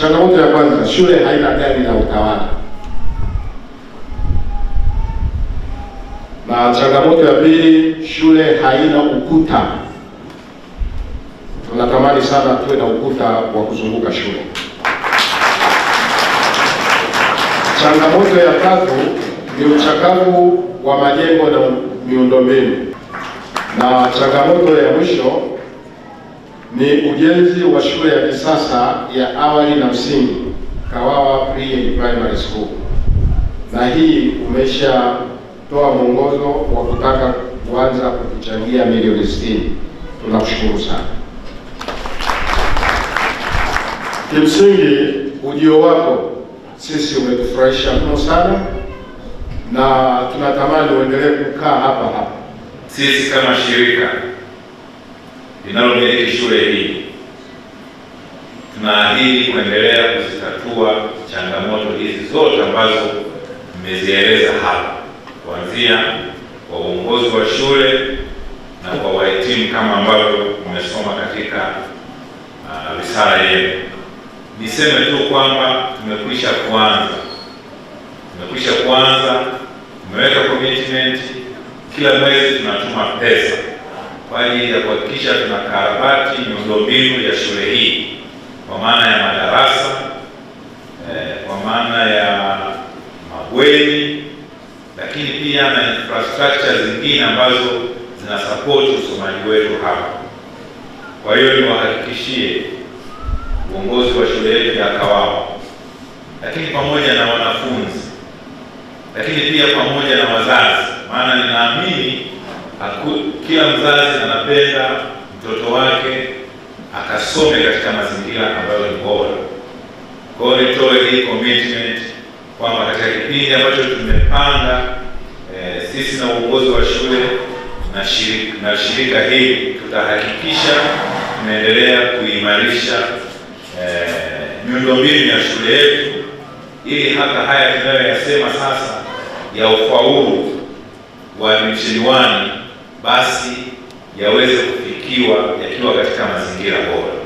Changamoto ya kwanza, shule haina gari la utawala, na changamoto ya pili, shule haina ukuta. Tunatamani sana tuwe na ukuta wa kuzunguka shule. Changamoto ya tatu ni uchakavu wa majengo na miundombinu, na changamoto ya mwisho ni ujenzi wa shule ya kisasa ya awali na msingi Kawawa Pre and Primary School, na hii umeshatoa mwongozo wa kutaka kuanza kutuchangia milioni 60. Tunakushukuru sana. Kimsingi ujio wako sisi umetufurahisha mno sana, na tunatamani uendelee kukaa hapa hapa. Sisi kama shirika linalomiliki shule hii. Tunaahidi kuendelea kuzitatua changamoto hizi zote ambazo mmezieleza hapa, kuanzia kwa uongozi wa shule na kwa wahitimu, kama ambavyo mmesoma katika uh, yenu. Niseme tu kwamba tumekwisha kuanza, tumekwisha kuanza, tumeweka commitment, kila mwezi tunatuma pesa kwa ajili ya kuhakikisha karabati miundombinu ya shule hii kwa maana ya madarasa eh, kwa maana ya mabweni, lakini pia na infrastructure zingine ambazo zina support usomaji wetu hapa. Kwa hiyo niwahakikishie uongozi wa shule yetu ya Kawawa, lakini pamoja na wanafunzi, lakini pia pamoja na wazazi, maana ninaamini kila mzazi anapenda mtoto wake akasome katika mazingira ambayo ni bora. Kwa hiyo nitoe hii commitment kwamba katika kipindi ambacho tumepanga eh, sisi na uongozi wa shule na shirika, na shirika hili tutahakikisha tunaendelea kuimarisha e, miundombinu ya shule yetu ili hata haya tunayoyasema sasa ya ufaulu wa admisheni basi yaweze kufikiwa yakiwa katika mazingira bora.